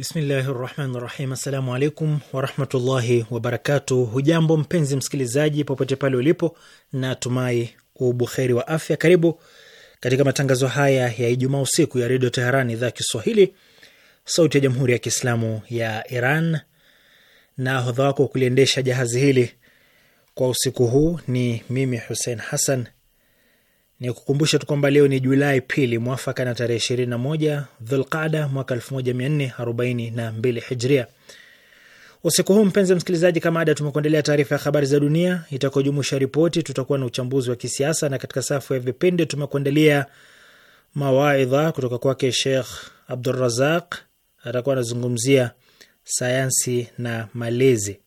Bismillahi rahmani rahim. Assalamu alaikum warahmatullahi wabarakatuh. Hujambo mpenzi msikilizaji, popote pale ulipo, na tumai ubuheri wa afya. Karibu katika matangazo haya ya Ijumaa usiku ya redio Teheran, idhaa ya Kiswahili, sauti ya jamhuri ya kiislamu ya Iran, na hodha wako kuliendesha jahazi hili kwa usiku huu ni mimi Hussein Hassan ni kukumbusha tu kwamba leo ni Julai pili mwafaka na tarehe ishirini na moja Dhulqada mwaka elfu moja mia nne arobaini na mbili hijria. Usiku huu mpenzi msikilizaji, kama ada, tumekuandalia taarifa ya habari za dunia itakojumuisha ripoti, tutakuwa na uchambuzi wa kisiasa, na katika safu ya vipindi tumekuandalia mawaidha kutoka kwake Shekh Abdurazaq, atakuwa anazungumzia sayansi na malezi.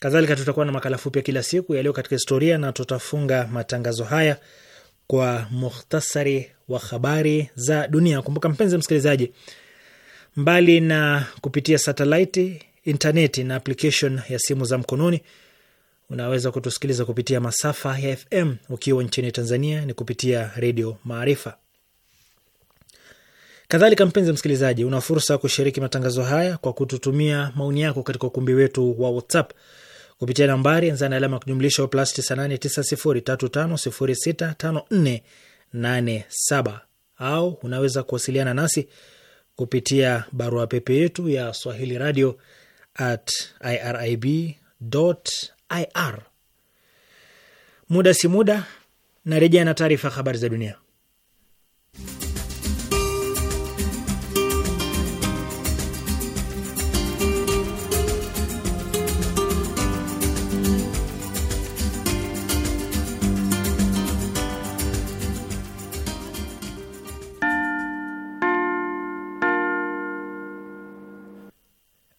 Kadhalika tutakuwa na makala fupi ya kila siku yaliyo katika historia, na tutafunga matangazo haya kwa muhtasari wa habari za dunia. Kumbuka mpenzi msikilizaji, mbali na kupitia satelaiti, intaneti na application ya simu za mkononi, unaweza kutusikiliza kupitia masafa ya FM. Ukiwa nchini Tanzania ni kupitia Redio Maarifa. Kadhalika mpenzi msikilizaji, una fursa ya kushiriki matangazo haya kwa kututumia maoni yako katika ukumbi wetu wa WhatsApp kupitia nambari anza na alama kujumlisha plus 989035065487 au unaweza kuwasiliana nasi kupitia barua pepe yetu ya Swahili radio at irib ir. Muda si muda narejea na taarifa ya habari za dunia.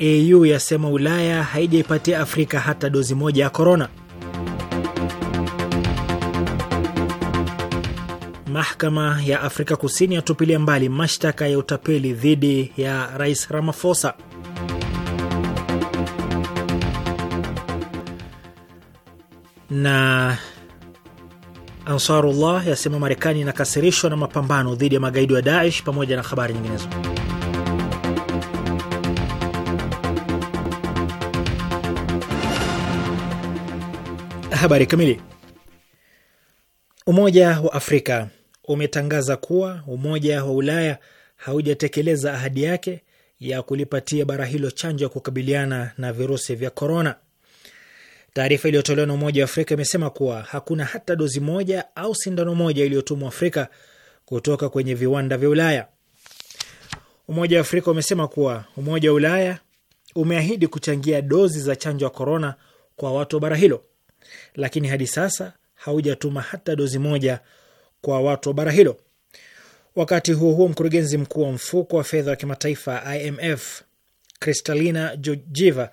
AU yasema Ulaya haijaipatia Afrika hata dozi moja ya korona. Mahakama ya Afrika Kusini yatupilia mbali mashtaka ya utapeli dhidi ya Rais Ramaphosa. Na Ansarullah yasema Marekani inakasirishwa na mapambano dhidi ya magaidi wa Daesh pamoja na habari nyinginezo. Habari kamili. Umoja wa Afrika umetangaza kuwa Umoja wa Ulaya haujatekeleza ahadi yake ya kulipatia bara hilo chanjo ya kukabiliana na virusi vya korona. Taarifa iliyotolewa na Umoja wa Afrika imesema kuwa hakuna hata dozi moja au sindano moja iliyotumwa Afrika kutoka kwenye viwanda vya Ulaya. Umoja wa Afrika umesema kuwa Umoja wa Ulaya umeahidi kuchangia dozi za chanjo ya korona kwa watu wa bara hilo lakini hadi sasa haujatuma hata dozi moja kwa watu wa bara hilo. Wakati huo huo, mkurugenzi mkuu wa mfuko wa fedha wa kimataifa IMF Kristalina Georgieva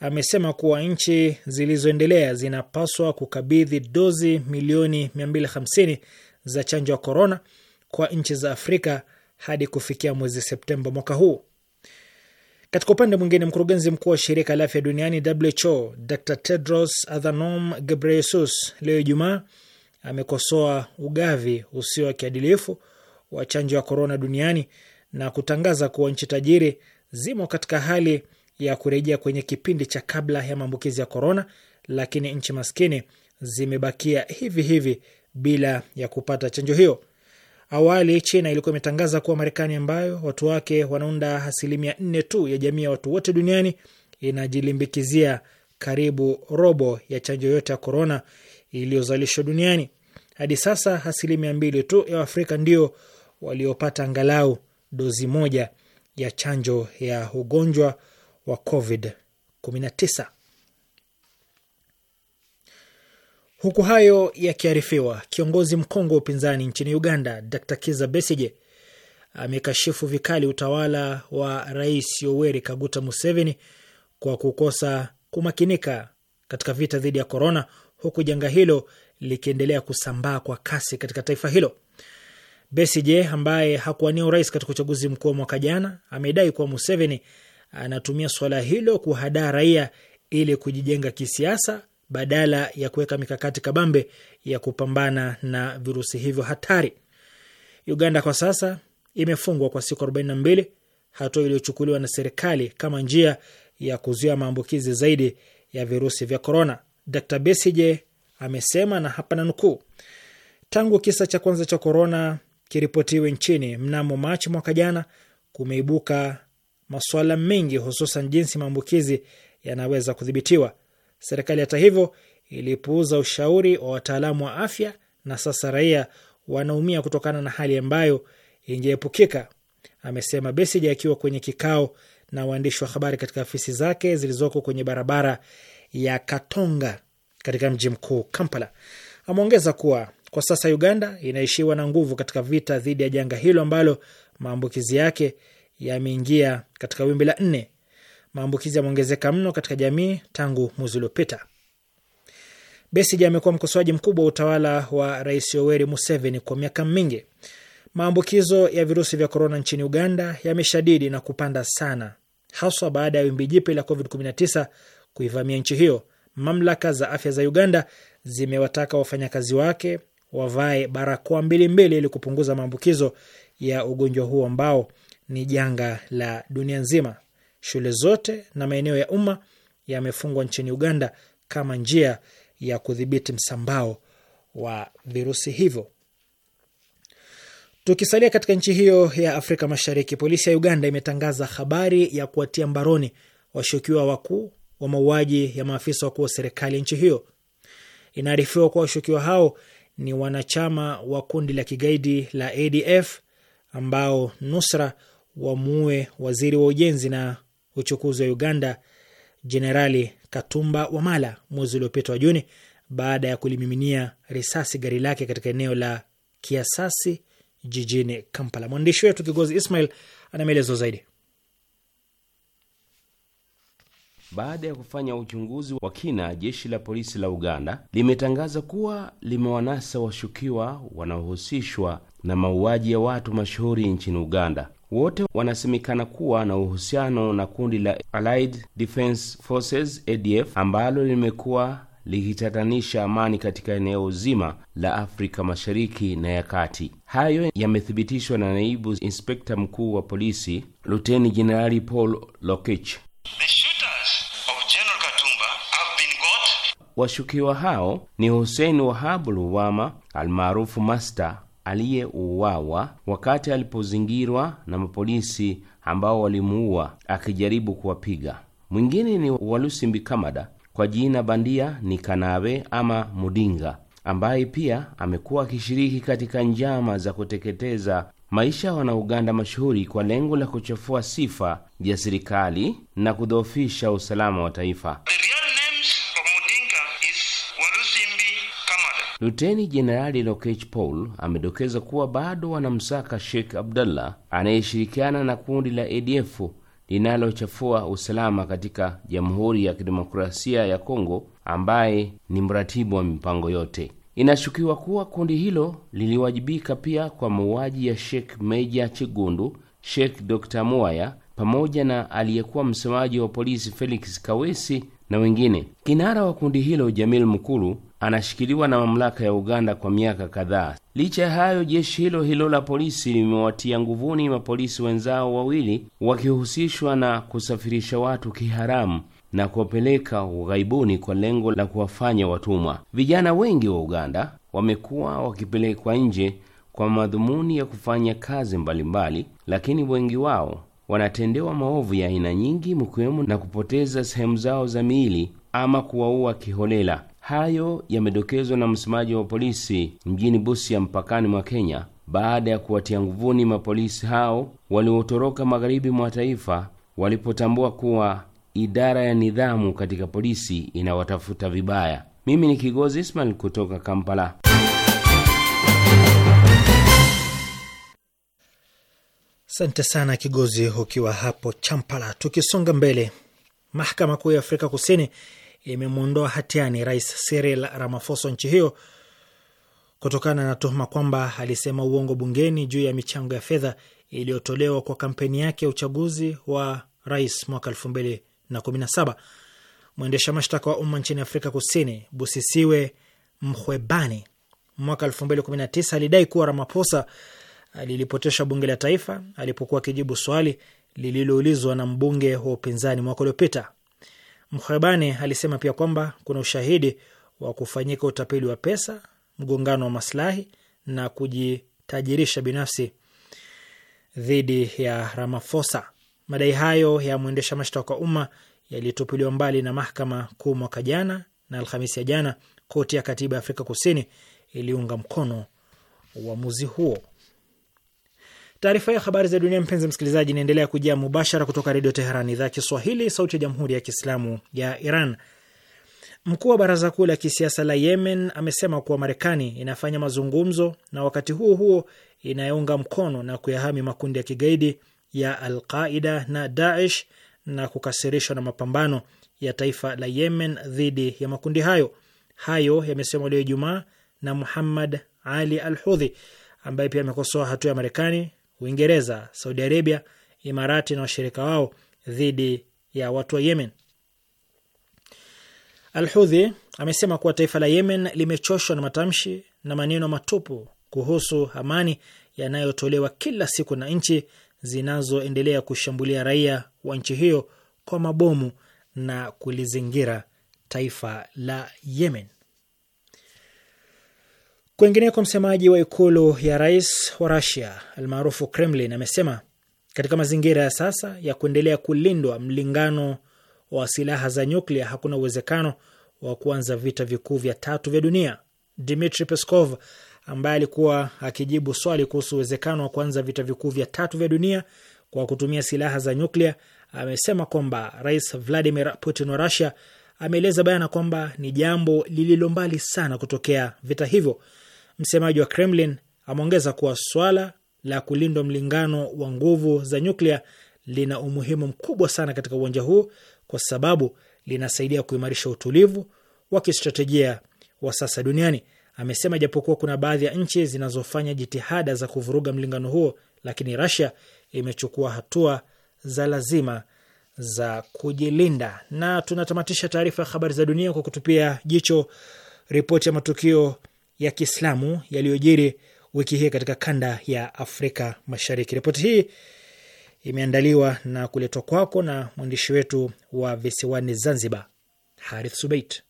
amesema kuwa nchi zilizoendelea zinapaswa kukabidhi dozi milioni 250 za chanjo ya korona kwa nchi za Afrika hadi kufikia mwezi Septemba mwaka huu. Katika upande mwingine, mkurugenzi mkuu wa shirika la afya duniani WHO Dr Tedros Adhanom Ghebreyesus leo Ijumaa amekosoa ugavi usio wa kiadilifu wa chanjo ya korona duniani na kutangaza kuwa nchi tajiri zimo katika hali ya kurejea kwenye kipindi cha kabla ya maambukizi ya korona, lakini nchi maskini zimebakia hivi hivi bila ya kupata chanjo hiyo. Awali China ilikuwa imetangaza kuwa Marekani, ambayo watu wake wanaunda asilimia nne tu ya jamii ya watu wote duniani, inajilimbikizia karibu robo ya chanjo yote ya korona iliyozalishwa duniani. Hadi sasa asilimia mbili tu ya Waafrika ndio waliopata angalau dozi moja ya chanjo ya ugonjwa wa COVID 19. Huku hayo yakiarifiwa, kiongozi mkongwe wa upinzani nchini Uganda Dr Kiza Besige amekashifu vikali utawala wa Rais Yoweri Kaguta Museveni kwa kukosa kumakinika katika vita dhidi ya korona, huku janga hilo likiendelea kusambaa kwa kasi katika taifa hilo. Besige ambaye hakuwania urais katika uchaguzi mkuu wa mwaka jana amedai kuwa Museveni anatumia suala hilo kuhadaa raia ili kujijenga kisiasa badala ya kuweka mikakati kabambe ya kupambana na virusi hivyo hatari. Uganda kwa sasa imefungwa kwa siku 42, hatua iliyochukuliwa na serikali kama njia ya kuzuia maambukizi zaidi ya virusi vya korona. Dr Besije amesema na hapa na nukuu, tangu kisa cha kwanza cha korona kiripotiwe nchini mnamo Machi mwaka jana, kumeibuka masuala mengi, hususan jinsi maambukizi yanaweza kudhibitiwa. Serikali hata hivyo ilipuuza ushauri wa wataalamu wa afya na sasa raia wanaumia kutokana na hali ambayo ingeepukika, amesema Besigye akiwa kwenye kikao na waandishi wa habari katika afisi zake zilizoko kwenye barabara ya Katonga katika mji mkuu Kampala. Ameongeza kuwa kwa sasa Uganda inaishiwa na nguvu katika vita dhidi ya janga hilo ambalo maambukizi yake yameingia katika wimbi la nne maambukizi yameongezeka mno katika jamii tangu mwezi uliopita. Besigye amekuwa mkosoaji mkubwa wa utawala wa Rais Yoweri Museveni kwa miaka mingi. Maambukizo ya virusi vya korona nchini Uganda yameshadidi na kupanda sana, haswa baada ya wimbi jipya la COVID-19 kuivamia nchi hiyo. Mamlaka za afya za Uganda zimewataka wafanyakazi wake wavae barakoa mbili mbili ili kupunguza maambukizo ya ugonjwa huo ambao ni janga la dunia nzima. Shule zote na maeneo ya umma yamefungwa nchini Uganda kama njia ya kudhibiti msambao wa virusi hivyo. Tukisalia katika nchi hiyo ya Afrika Mashariki, polisi ya Uganda imetangaza habari ya kuwatia mbaroni washukiwa wakuu wa mauaji ya maafisa wakuu wa serikali nchi hiyo. Inaarifiwa kuwa washukiwa hao ni wanachama wa kundi la kigaidi la ADF ambao nusra wamuue waziri wa ujenzi na uchukuzi wa Uganda Jenerali Katumba Wamala mwezi uliopita wa Juni baada ya kulimiminia risasi gari lake katika eneo la Kiasasi jijini Kampala. Mwandishi wetu Kigozi Ismail ana maelezo zaidi. Baada ya kufanya uchunguzi wa kina, jeshi la polisi la Uganda limetangaza kuwa limewanasa washukiwa wanaohusishwa na mauaji ya watu mashuhuri nchini Uganda wote wanasemekana kuwa na uhusiano na kundi la Allied Defense Forces ADF ambalo limekuwa likitatanisha amani katika eneo zima la Afrika Mashariki na ya Kati. Hayo yamethibitishwa na naibu inspekta mkuu wa polisi Luteni Jenerali Paul Lokech. Washukiwa hao ni Hussein Wahabu Luwama almaarufu Master aliyeuawa wakati alipozingirwa na mapolisi ambao walimuua akijaribu kuwapiga. Mwingine ni Walusi Mbikamada, kwa jina bandia ni Kanawe ama Mudinga, ambaye pia amekuwa akishiriki katika njama za kuteketeza maisha ya Wanauganda mashuhuri kwa lengo la kuchafua sifa ya serikali na kudhoofisha usalama wa taifa. Luteni Jenerali Lokech Paul amedokeza kuwa bado wanamsaka Sheikh abdullah anayeshirikiana na kundi la ADF linalochafua usalama katika Jamhuri ya Kidemokrasia ya Kongo, ambaye ni mratibu wa mipango yote. Inashukiwa kuwa kundi hilo liliwajibika pia kwa mauaji ya Sheikh Meja Chigundu, Sheikh Dr Muaya pamoja na aliyekuwa msemaji wa polisi Felix Kawesi na wengine. Kinara wa kundi hilo Jamil Mukulu anashikiliwa na mamlaka ya Uganda kwa miaka kadhaa. Licha ya hayo, jeshi hilo hilo la polisi limewatia nguvuni mapolisi wenzao wawili wakihusishwa na kusafirisha watu kiharamu na kuwapeleka ughaibuni kwa lengo la kuwafanya watumwa. Vijana wengi wa Uganda wamekuwa wakipelekwa nje kwa madhumuni ya kufanya kazi mbalimbali mbali, lakini wengi wao wanatendewa maovu ya aina nyingi, mkiwemo na kupoteza sehemu zao za miili ama kuwaua kiholela. Hayo yamedokezwa na msemaji wa polisi mjini Busia, mpakani mwa Kenya, baada ya kuwatia nguvuni mapolisi hao waliotoroka magharibi mwa taifa walipotambua kuwa idara ya nidhamu katika polisi inawatafuta vibaya. Mimi ni Kigozi Ismail kutoka Kampala. Asante sana Kigozi, ukiwa hapo Champala. Tukisonga mbele, mahakama kuu ya Afrika Kusini imemwondoa hatiani Rais Cyril Ramaphosa nchi hiyo kutokana na tuhuma kwamba alisema uongo bungeni juu ya michango ya fedha iliyotolewa kwa kampeni yake ya uchaguzi wa rais mwaka saba. Mwendesha mashtaka wa umma nchini Afrika Kusini Busisiwe mhwebani mwaka tisa alidai kuwa Ramaphosa lilipotesha bunge la taifa alipokuwa akijibu swali lililoulizwa na mbunge wa upinzani mwaka uliopita. Mkhwebane alisema pia kwamba kuna ushahidi wa kufanyika utapeli wa pesa, mgongano wa maslahi na kujitajirisha binafsi dhidi ya ramafosa Madai hayo ya mwendesha mashtaka wa umma yalitupiliwa mbali na mahakama kuu mwaka jana, na Alhamisi ya jana koti ya katiba ya Afrika Kusini iliunga mkono uamuzi huo. Taarifa ya habari za dunia, mpenzi msikilizaji, inaendelea kujia mubashara kutoka Redio Teheran, idhaa ya Kiswahili, sauti ya jamhuri ya kiislamu ya Iran. Mkuu wa baraza kuu la kisiasa la Yemen amesema kuwa Marekani inafanya mazungumzo na wakati huo huo inayounga mkono na kuyahami makundi ya kigaidi ya Alqaida na Daesh na kukasirishwa na mapambano ya taifa la Yemen dhidi ya makundi hayo. Hayo yamesemwa leo Ijumaa na Muhammad Ali Al Hudhi ambaye pia amekosoa hatua ya Marekani Uingereza, Saudi Arabia, Imarati na washirika wao dhidi ya watu wa Yemen. Alhudhi amesema kuwa taifa la Yemen limechoshwa na matamshi na maneno matupu kuhusu amani yanayotolewa kila siku na nchi zinazoendelea kushambulia raia wa nchi hiyo kwa mabomu na kulizingira taifa la Yemen. Kwengineko, msemaji wa ikulu ya rais wa Rasia almaarufu Kremlin amesema katika mazingira ya sasa ya kuendelea kulindwa mlingano wa silaha za nyuklia hakuna uwezekano wa kuanza vita vikuu vya tatu vya dunia. Dmitri Peskov ambaye alikuwa akijibu swali kuhusu uwezekano wa kuanza vita vikuu vya tatu vya dunia kwa kutumia silaha za nyuklia amesema kwamba rais Vladimir Putin wa Rusia ameeleza bayana kwamba ni jambo lililo mbali sana kutokea vita hivyo. Msemaji wa Kremlin ameongeza kuwa swala la kulindwa mlingano wa nguvu za nyuklia lina umuhimu mkubwa sana katika uwanja huu kwa sababu linasaidia kuimarisha utulivu wa kistratejia wa sasa duniani. Amesema japokuwa kuna baadhi ya nchi zinazofanya jitihada za kuvuruga mlingano huo, lakini Russia imechukua hatua za lazima za kujilinda. Na tunatamatisha taarifa ya habari za dunia kwa kutupia jicho ripoti ya matukio ya Kiislamu yaliyojiri wiki hii katika kanda ya Afrika Mashariki. Ripoti hii imeandaliwa na kuletwa kwako na mwandishi wetu wa visiwani Zanzibar, Harith Subait.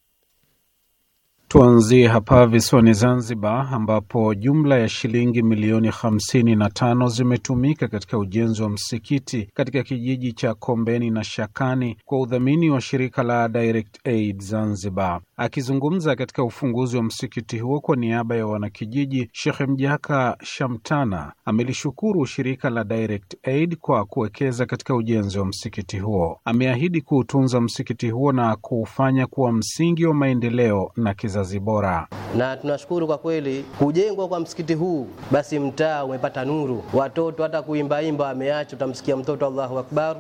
Tuanzie hapa visiwani Zanzibar ambapo jumla ya shilingi milioni hamsini na tano zimetumika katika ujenzi wa msikiti katika kijiji cha Kombeni na Shakani kwa udhamini wa shirika la Direct Aid Zanzibar. Akizungumza katika ufunguzi wa msikiti huo kwa niaba ya wanakijiji, Shehe Mjaka Shamtana amelishukuru shirika la Direct Aid kwa kuwekeza katika ujenzi wa msikiti huo. Ameahidi kuutunza msikiti huo na kuufanya kuwa msingi wa maendeleo na kizazi uzazi bora. Na tunashukuru kwa kweli, kujengwa kwa msikiti huu, basi mtaa umepata nuru, watoto hata kuimbaimba wameacha. Utamsikia mtoto Allahu akbar,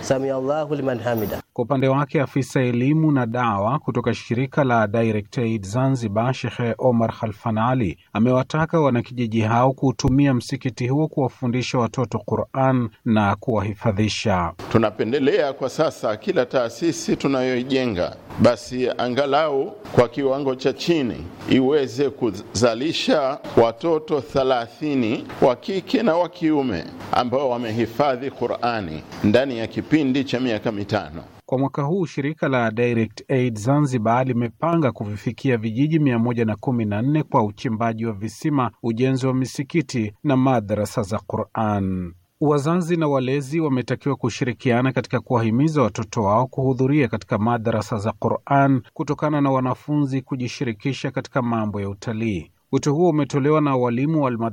samia Allahu liman hamida. Kwa upande wake afisa elimu na dawa kutoka shirika la Direct Aid Zanzibar, Omar Khalfan amewataka wanakijiji hao kuutumia msikiti huo kuwafundisha watoto Quran na kuwahifadhisha. Tunapendelea kwa sasa kila taasisi tunayoijenga basi angalau kwa kiwango cha chini iweze kuzalisha watoto thalathini wa kike na wa kiume ambao wamehifadhi Qurani ndani ya kipindi cha miaka mitano. Kwa mwaka huu shirika la Direct Aid Zanzibar limepanga kuvifikia vijiji mia moja na kumi na nne kwa uchimbaji wa visima, ujenzi wa misikiti na madrasa za Quran. Wazazi na walezi wametakiwa kushirikiana katika kuwahimiza watoto wao kuhudhuria katika madarasa za Quran kutokana na wanafunzi kujishirikisha katika mambo ya utalii. Wito huo umetolewa na walimu wa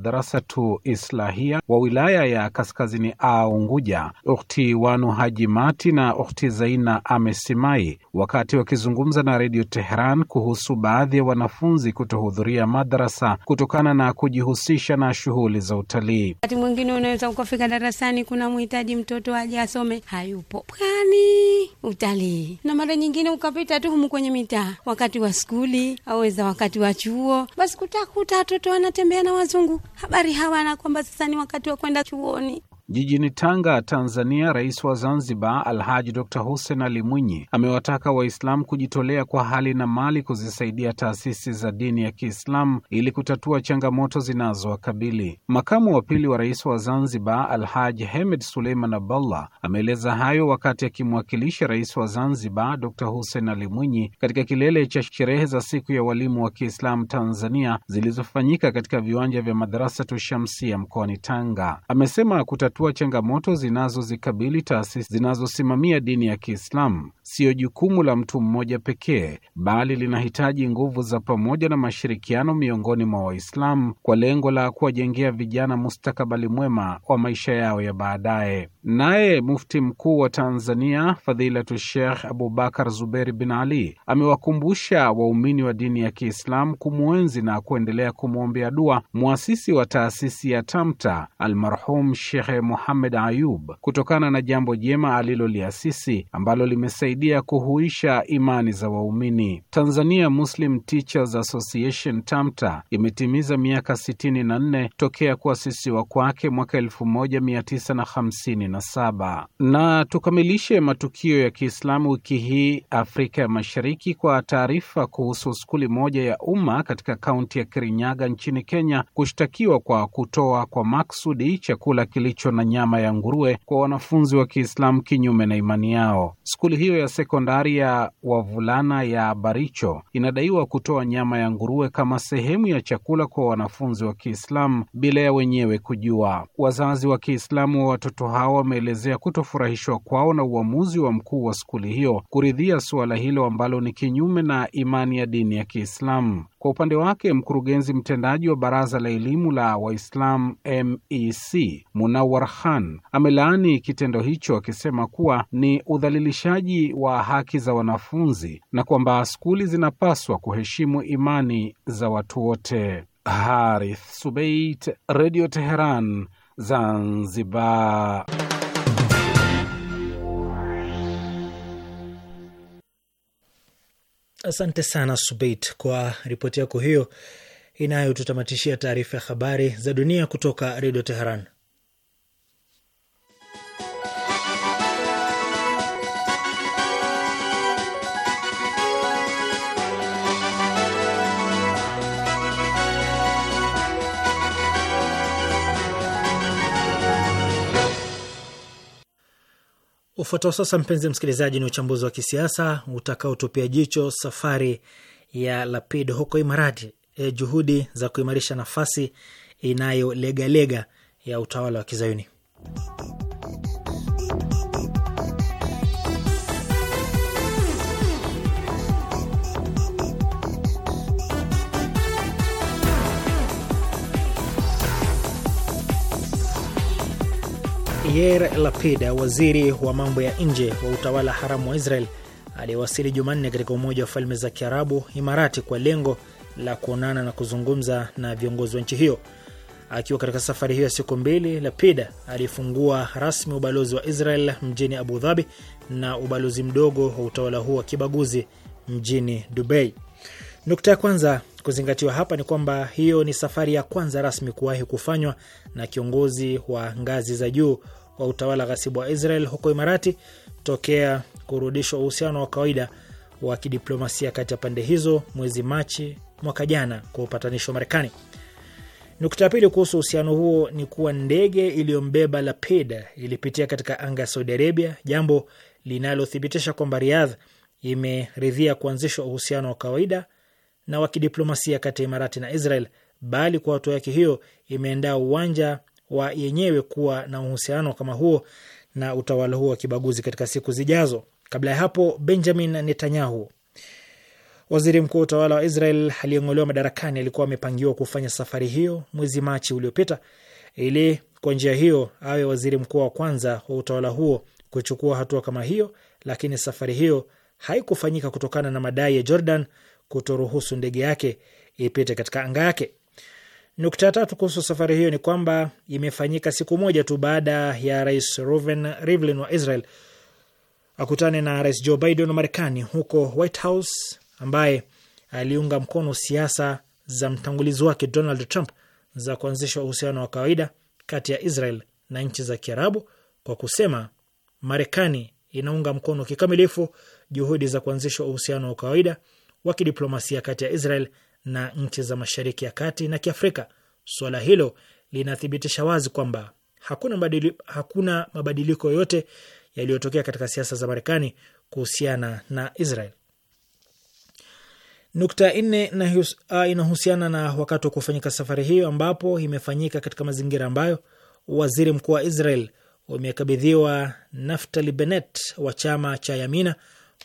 tu Islahia wa wilaya ya Kaskazini a Unguja, Ukhti Wanu Haji Mati na Ukhti Zaina Amesimai wakati wakizungumza na Redio Teheran kuhusu baadhi ya wanafunzi kutohudhuria madarasa kutokana na kujihusisha na shughuli za utalii. Wakati mwingine unaweza ukafika darasani, kuna mhitaji mtoto aje asome, hayupo, pwani utalii, na mara nyingine ukapita tu humu kwenye mitaa wakati wa skuli auweza wakati wa chuo, basi kuta unakuta watoto wanatembea na wazungu, habari hawana kwamba sasa ni wakati wa kwenda chuoni. Jijini Tanga, Tanzania, Rais wa Zanzibar Alhaji Dr Hussein Ali Mwinyi amewataka Waislamu kujitolea kwa hali na mali kuzisaidia taasisi za dini ya Kiislamu ili kutatua changamoto zinazowakabili. Makamu wa pili wa rais wa Zanzibar Alhaji Hemed Suleiman Abdallah ameeleza hayo wakati akimwakilisha rais wa Zanzibar Dr Hussein Ali Mwinyi katika kilele cha sherehe za siku ya walimu wa Kiislamu Tanzania zilizofanyika katika viwanja vya madarasa tushamsia mkoani Tanga. Amesema kutatua kutatua changamoto zinazozikabili taasisi zinazosimamia dini ya Kiislamu siyo jukumu la mtu mmoja pekee, bali linahitaji nguvu za pamoja na mashirikiano miongoni mwa Waislamu kwa lengo la kuwajengea vijana mustakabali mwema wa maisha yao ya baadaye. Naye mufti mkuu wa Tanzania Fadhilatu Sheikh Abubakar Zuberi bin Ali amewakumbusha waumini wa dini ya Kiislamu kumwenzi na kuendelea kumwombea dua mwasisi wa taasisi ya Tamta almarhum Shekhe Muhammad Ayub kutokana na jambo jema aliloliasisi ambalo limesaidia kuhuisha imani za waumini. Tanzania Muslim Teachers Association Tamta imetimiza miaka sitini na nne tokea kuasisiwa kwake mwaka 1950 27. Na tukamilishe matukio ya Kiislamu wiki hii Afrika ya Mashariki kwa taarifa kuhusu skuli moja ya umma katika kaunti ya Kirinyaga nchini Kenya kushtakiwa kwa kutoa kwa maksudi chakula kilicho na nyama ya nguruwe kwa wanafunzi wa Kiislamu kinyume na imani yao. Skuli hiyo ya sekondari ya wavulana ya Baricho inadaiwa kutoa nyama ya nguruwe kama sehemu ya chakula kwa wanafunzi wa Kiislamu bila ya wenyewe kujua. Wazazi wa Kiislamu wa watoto hawa wameelezea kutofurahishwa kwao na uamuzi wa mkuu wa skuli hiyo kuridhia suala hilo ambalo ni kinyume na imani ya dini ya Kiislamu. Kwa upande wake, mkurugenzi mtendaji wa Baraza la Elimu la Waislamu MEC Munawar Khan amelaani kitendo hicho akisema kuwa ni udhalilishaji wa haki za wanafunzi na kwamba skuli zinapaswa kuheshimu imani za watu wote. Harith Subait, Radio Teheran, Zanzibar. Asante sana Subeit kwa ripoti yako hiyo inayotutamatishia taarifa ya habari za dunia kutoka Redio Teheran. Ufuatao sasa, mpenzi msikilizaji, ni uchambuzi wa kisiasa utakaotupia jicho safari ya Lapid huko Imarati, e, juhudi za kuimarisha nafasi inayolegalega ya utawala wa Kizayuni. Yair Lapid, waziri wa mambo ya nje wa utawala haramu wa Israel, aliyewasili Jumanne katika Umoja wa Falme za Kiarabu, Imarati, kwa lengo la kuonana na kuzungumza na viongozi wa nchi hiyo. Akiwa katika safari hiyo ya siku mbili, Lapid alifungua rasmi ubalozi wa Israel mjini Abu Dhabi na ubalozi mdogo wa utawala huo wa kibaguzi mjini Dubai. Nukta ya kwanza kuzingatiwa hapa ni kwamba hiyo ni safari ya kwanza rasmi kuwahi kufanywa na kiongozi wa ngazi za juu wa utawala ghasibu wa Israel huko Imarati tokea kurudishwa uhusiano wa kawaida wa kidiplomasia kati ya pande hizo mwezi Machi mwaka jana kwa upatanishi wa Marekani. Nukta pili kuhusu uhusiano huo ni kuwa ndege iliyombeba Lapid ilipitia katika anga ya Saudi Arabia, jambo linalothibitisha kwamba Riyadh imeridhia kuanzishwa uhusiano wa kawaida na wa kidiplomasia kati ya Imarati na Israel, bali kwa hatua yake hiyo imeandaa uwanja wa yenyewe kuwa na uhusiano kama huo na utawala huo wa kibaguzi katika siku zijazo. Kabla ya hapo, Benjamin Netanyahu, waziri mkuu wa utawala wa Israel aliyeng'olewa madarakani, alikuwa amepangiwa kufanya safari hiyo mwezi Machi uliopita ili kwa njia hiyo awe waziri mkuu wa kwanza wa utawala huo kuchukua hatua kama hiyo, lakini safari hiyo haikufanyika kutokana na madai ya Jordan kutoruhusu ndege yake ipite katika anga yake. Nukta ya tatu kuhusu safari hiyo ni kwamba imefanyika siku moja tu baada ya rais Reuven Rivlin wa Israel akutane na rais Joe Biden wa Marekani huko White House, ambaye aliunga mkono siasa za mtangulizi wake Donald Trump za kuanzisha uhusiano wa kawaida kati ya Israel na nchi za Kiarabu kwa kusema Marekani inaunga mkono kikamilifu juhudi za kuanzishwa uhusiano wa kawaida wa kidiplomasia kati ya Israel na nchi za Mashariki ya Kati na Kiafrika. Suala hilo linathibitisha wazi kwamba hakuna, mbadili, hakuna mabadiliko yoyote yaliyotokea katika siasa za Marekani kuhusiana na Israel. Nukta nne inahusiana na wakati wa kufanyika safari hiyo ambapo imefanyika katika mazingira ambayo waziri mkuu wa Israel umekabidhiwa Naftali Bennett wa chama cha Yamina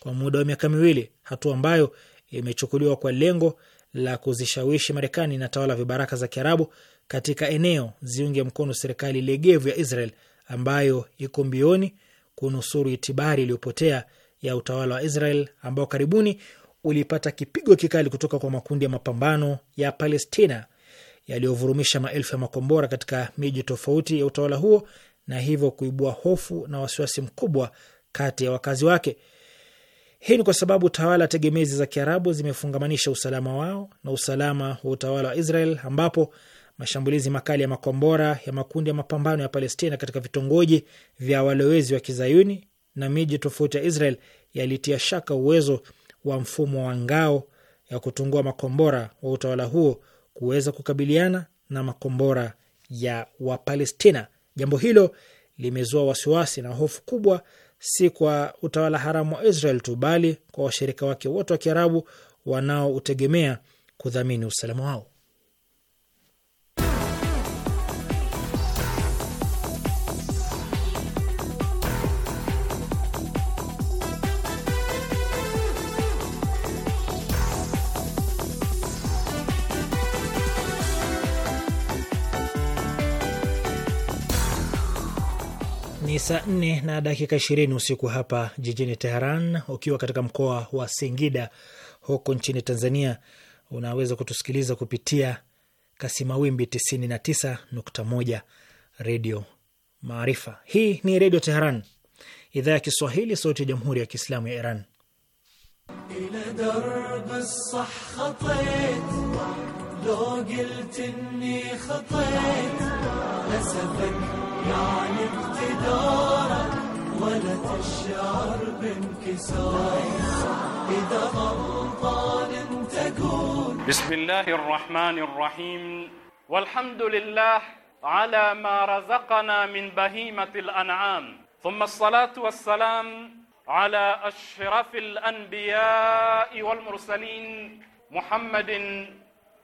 kwa muda wa miaka miwili, hatua ambayo imechukuliwa kwa lengo la kuzishawishi Marekani na tawala vibaraka za Kiarabu katika eneo ziunge mkono serikali legevu ya Israel ambayo iko mbioni kunusuru itibari iliyopotea ya utawala wa Israel ambao karibuni ulipata kipigo kikali kutoka kwa makundi ya mapambano ya Palestina yaliyovurumisha maelfu ya makombora katika miji tofauti ya utawala huo na hivyo kuibua hofu na wasiwasi mkubwa kati ya wakazi wake. Hii ni kwa sababu tawala tegemezi za Kiarabu zimefungamanisha usalama wao na usalama wa utawala wa Israel, ambapo mashambulizi makali ya makombora ya makundi ya mapambano ya Palestina katika vitongoji vya walowezi wa kizayuni na miji tofauti ya Israel yalitia shaka uwezo wa mfumo wa ngao ya kutungua makombora wa utawala huo kuweza kukabiliana na makombora ya Wapalestina. Jambo hilo limezua wasiwasi na hofu kubwa si kwa utawala haramu wa Israel tu bali kwa washirika wake wote wa Kiarabu wanaoutegemea kudhamini usalama wao. saa nne na dakika ishirini usiku hapa jijini Teheran. Ukiwa katika mkoa wa Singida huko nchini Tanzania, unaweza kutusikiliza kupitia kasimawimbi 99.1 Redio Maarifa. Hii ni Redio Teheran, idhaa ya Kiswahili, sauti ya Jamhuri ya Kiislamu ya Iran. يعني اقتدارك ولا تشعر بانكسارك إذا غلطان تكون بسم الله الرحمن الرحيم والحمد لله على ما رزقنا من بهيمة الأنعام ثم الصلاة والسلام على أشرف الأنبياء والمرسلين محمد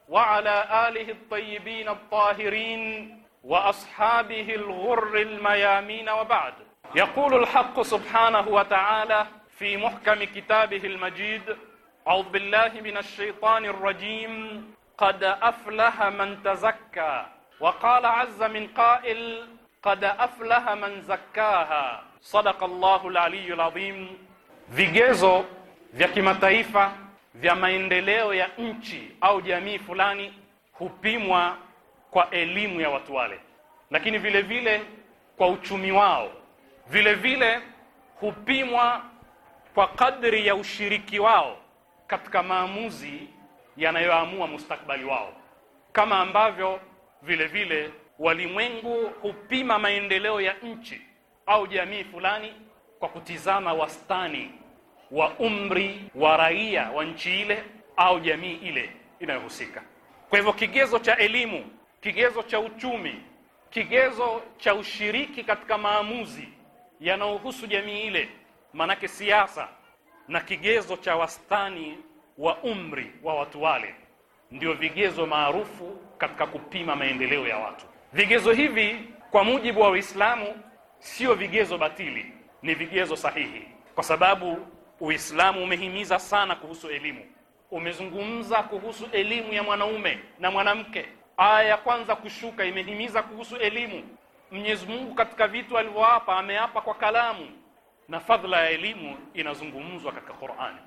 وعلى آله الطيبين الطاهرين واصحابه الغر الميامين وبعد يقول الحق سبحانه وتعالى في محكم كتابه المجيد اعوذ بالله من الشيطان الرجيم قد افلح من تزكى وقال عز من قائل قد افلح من زكاها صدق الله العلي العظيم vigezo vya kimataifa vya maendeleo ya nchi au jamii fulani hupimwa kwa elimu ya watu wale, lakini vile vile kwa uchumi wao, vile vile hupimwa kwa kadri ya ushiriki wao katika maamuzi yanayoamua mustakbali wao, kama ambavyo vile vile walimwengu hupima maendeleo ya nchi au jamii fulani kwa kutizama wastani wa umri wa raia wa nchi ile au jamii ile inayohusika. Kwa hivyo kigezo cha elimu kigezo cha uchumi, kigezo cha ushiriki katika maamuzi yanayohusu jamii ile, maanake siasa, na kigezo cha wastani wa umri wa watu wale, ndio vigezo maarufu katika kupima maendeleo ya watu. Vigezo hivi kwa mujibu wa Uislamu sio vigezo batili, ni vigezo sahihi, kwa sababu Uislamu umehimiza sana kuhusu elimu. Umezungumza kuhusu elimu ya mwanaume na mwanamke Aya ya kwanza kushuka imehimiza kuhusu elimu. Mwenyezi Mungu katika vitu alivyoapa, ameapa kwa kalamu, na fadhila ya elimu inazungumzwa katika Qur'ani.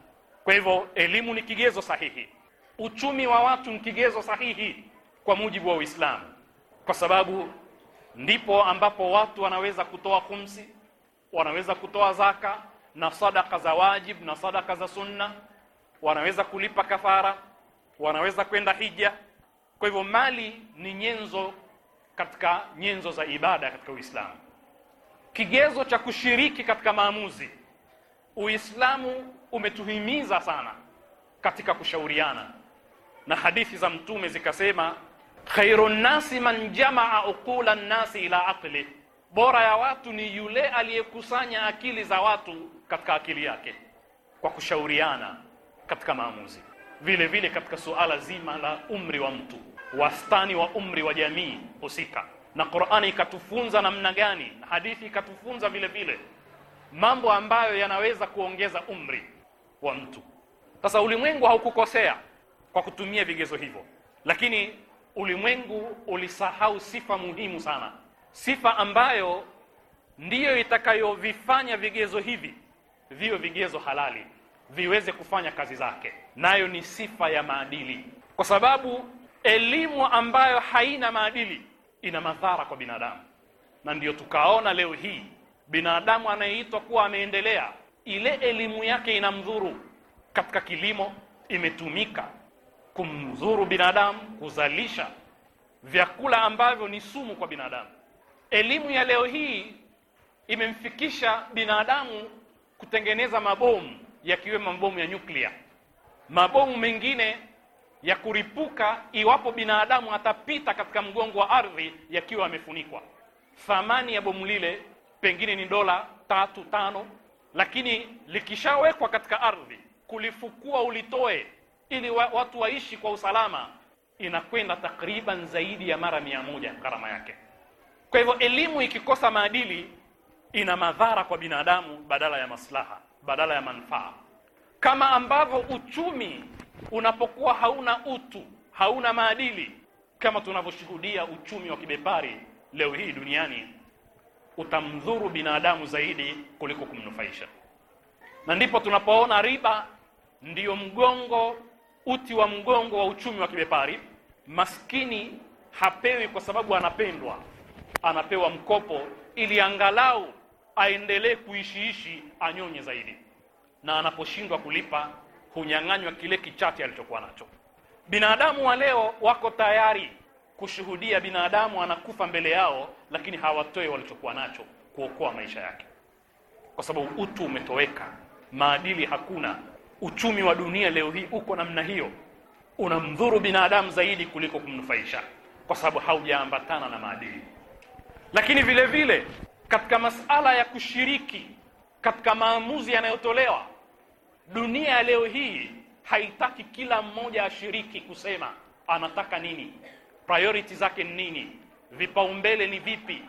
Kwa hivyo elimu ni kigezo sahihi, uchumi wa watu ni kigezo sahihi kwa mujibu wa Uislamu, kwa sababu ndipo ambapo watu wanaweza kutoa kumsi, wanaweza kutoa zaka na sadaka za wajib na sadaka za sunna, wanaweza kulipa kafara, wanaweza kwenda hija kwa hivyo mali ni nyenzo katika nyenzo za ibada katika uislamu kigezo cha kushiriki katika maamuzi uislamu umetuhimiza sana katika kushauriana na hadithi za mtume zikasema khairu nasi man jamaa uqula nasi ila aqli bora ya watu ni yule aliyekusanya akili za watu katika akili yake kwa kushauriana katika maamuzi vile vile katika suala zima la umri wa mtu, wastani wa umri wa jamii husika. Na Qur'ani ikatufunza namna gani, hadithi ikatufunza vile vile mambo ambayo yanaweza kuongeza umri wa mtu. Sasa ulimwengu haukukosea kwa kutumia vigezo hivyo, lakini ulimwengu ulisahau sifa muhimu sana, sifa ambayo ndiyo itakayovifanya vigezo hivi viwe vigezo halali viweze kufanya kazi zake, nayo ni sifa ya maadili, kwa sababu elimu ambayo haina maadili ina madhara kwa binadamu, na ndiyo tukaona leo hii binadamu anayeitwa kuwa ameendelea, ile elimu yake inamdhuru. Katika kilimo imetumika kumdhuru binadamu, kuzalisha vyakula ambavyo ni sumu kwa binadamu. Elimu ya leo hii imemfikisha binadamu kutengeneza mabomu yakiwemo mabomu ya nyuklia, mabomu mengine ya kuripuka iwapo binadamu atapita katika mgongo wa ardhi yakiwa amefunikwa. Thamani ya bomu lile pengine ni dola tatu tano, lakini likishawekwa katika ardhi, kulifukua ulitoe ili watu waishi kwa usalama, inakwenda takriban zaidi ya mara mia moja gharama yake. Kwa hivyo elimu ikikosa maadili, ina madhara kwa binadamu badala ya maslaha badala ya manufaa, kama ambavyo uchumi unapokuwa hauna utu, hauna maadili, kama tunavyoshuhudia uchumi wa kibepari leo hii duniani, utamdhuru binadamu zaidi kuliko kumnufaisha. Na ndipo tunapoona riba ndiyo mgongo, uti wa mgongo wa uchumi wa kibepari. Maskini hapewi kwa sababu anapendwa, anapewa mkopo ili angalau aendelee kuishiishi anyonye zaidi na anaposhindwa kulipa hunyang'anywa kile kichache alichokuwa nacho binadamu wa leo wako tayari kushuhudia binadamu anakufa mbele yao lakini hawatoe walichokuwa nacho kuokoa maisha yake kwa sababu utu umetoweka maadili hakuna uchumi wa dunia leo hii uko namna hiyo unamdhuru binadamu zaidi kuliko kumnufaisha kwa sababu haujaambatana na maadili lakini vile vile katika masala ya kushiriki katika maamuzi yanayotolewa dunia ya leo hii haitaki kila mmoja ashiriki kusema anataka nini, priority zake ni nini, vipaumbele ni vipi,